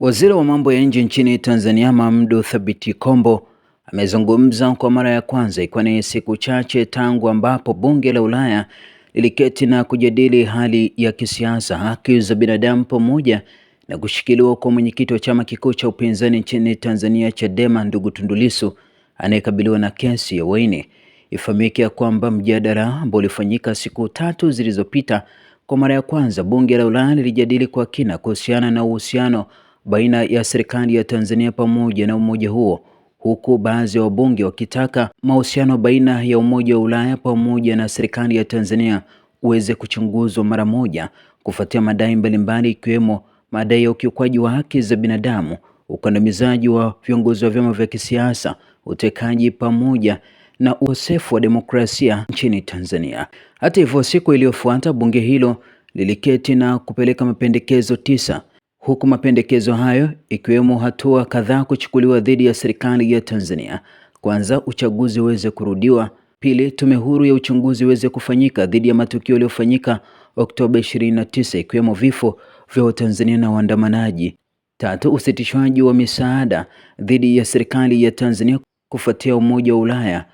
Waziri wa mambo ya nje nchini Tanzania Mamdu Thabiti Kombo amezungumza kwa mara ya kwanza ikiwa ni siku chache tangu ambapo bunge la Ulaya liliketi na kujadili hali ya kisiasa, haki za binadamu pamoja na kushikiliwa kwa mwenyekiti wa chama kikuu cha upinzani nchini Tanzania Chadema, ndugu Tundu Lissu anayekabiliwa na kesi ya uhaini. Ifahamike ya kwamba mjadala ambao ulifanyika siku tatu zilizopita, kwa mara ya kwanza bunge la Ulaya lilijadili kwa kina kuhusiana na uhusiano baina ya serikali ya Tanzania pamoja na umoja huo, huku baadhi ya wabunge wakitaka mahusiano baina ya umoja wa Ulaya pamoja na serikali ya Tanzania uweze kuchunguzwa mara moja kufuatia madai mbalimbali ikiwemo madai ya ukiukwaji wa haki za binadamu, ukandamizaji wa viongozi wa vyama vya kisiasa, utekaji pamoja na ukosefu wa demokrasia nchini Tanzania. Hata hivyo, siku iliyofuata bunge hilo liliketi na kupeleka mapendekezo tisa huku mapendekezo hayo ikiwemo hatua kadhaa kuchukuliwa dhidi ya serikali ya Tanzania. Kwanza, uchaguzi uweze kurudiwa. Pili, tume huru ya uchunguzi iweze kufanyika dhidi ya matukio yaliyofanyika Oktoba 29 ikiwemo vifo vya Watanzania na waandamanaji. Tatu, usitishwaji wa misaada dhidi ya serikali ya Tanzania kufuatia Umoja wa Ulaya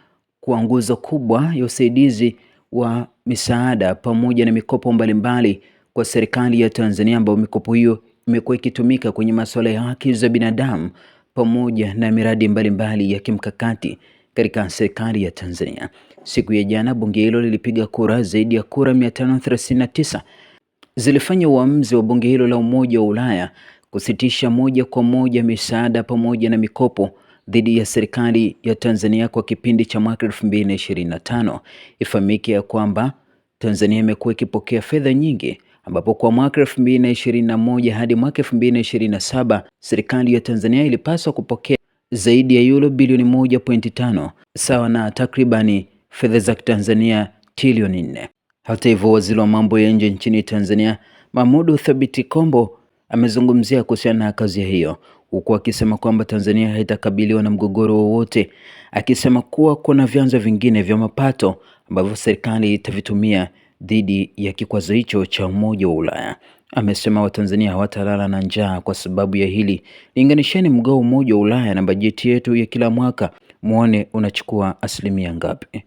kuwa nguzo kubwa ya usaidizi wa misaada pamoja na mikopo mbalimbali kwa serikali ya Tanzania ambayo mikopo hiyo imekuwa ikitumika kwenye masuala ya haki za binadamu pamoja na miradi mbalimbali mbali ya kimkakati katika serikali ya Tanzania. Siku ya jana bunge hilo lilipiga kura, zaidi ya kura 539 zilifanya uamuzi wa bunge hilo la Umoja wa Ulaya kusitisha moja kwa moja misaada pamoja na mikopo dhidi ya serikali ya Tanzania kwa kipindi cha mwaka 2025. Ifahamike ya kwamba Tanzania imekuwa ikipokea fedha nyingi ambapo kwa mwaka moja hadi mwaka saba serikali ya Tanzania ilipaswa kupokea zaidi ya yulo bilioni tano sawa na takribani fedha za Tanzania trilioni nne. Hata hivyo, waziri wa mambo ya nje nchini Tanzania Mahmudu Thabiti Kombo amezungumzia kuhusiana na kazi hiyo huku akisema kwamba Tanzania haitakabiliwa na mgogoro wowote, akisema kuwa kuna vyanzo vingine vya mapato ambavyo serikali itavitumia dhidi ya kikwazo hicho cha Umoja wa Ulaya. Amesema Watanzania hawatalala na njaa kwa sababu ya hili. Linganisheni mgao Umoja wa Ulaya na bajeti yetu ya kila mwaka muone unachukua asilimia ngapi.